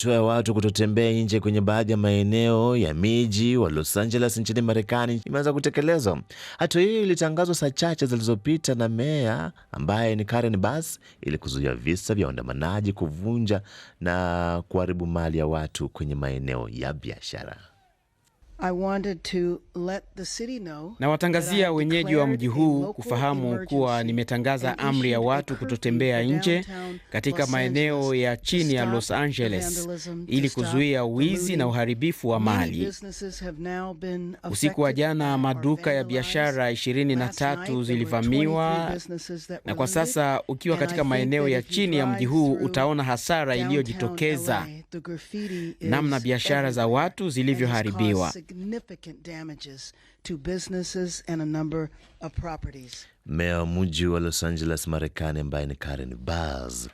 Hatua ya watu kutotembea nje kwenye baadhi ya maeneo ya miji wa Los Angeles nchini Marekani imeanza kutekelezwa. Hatua hiyo ilitangazwa saa chache zilizopita na meya ambaye ni Karen Bass ili kuzuia visa vya waandamanaji kuvunja na kuharibu mali ya watu kwenye maeneo ya biashara. I wanted to let the city know, na watangazia wenyeji wa mji huu kufahamu kuwa nimetangaza amri ya watu kutotembea nje katika maeneo ya chini ya Los Angeles ili kuzuia wizi na uharibifu wa mali. Usiku wa jana maduka ya biashara 23 zilivamiwa, na kwa sasa ukiwa katika maeneo ya chini ya mji huu utaona hasara iliyojitokeza, namna biashara za watu zilivyoharibiwa meya wa mji wa Los Angeles Marekani, ambaye ni Karen Bass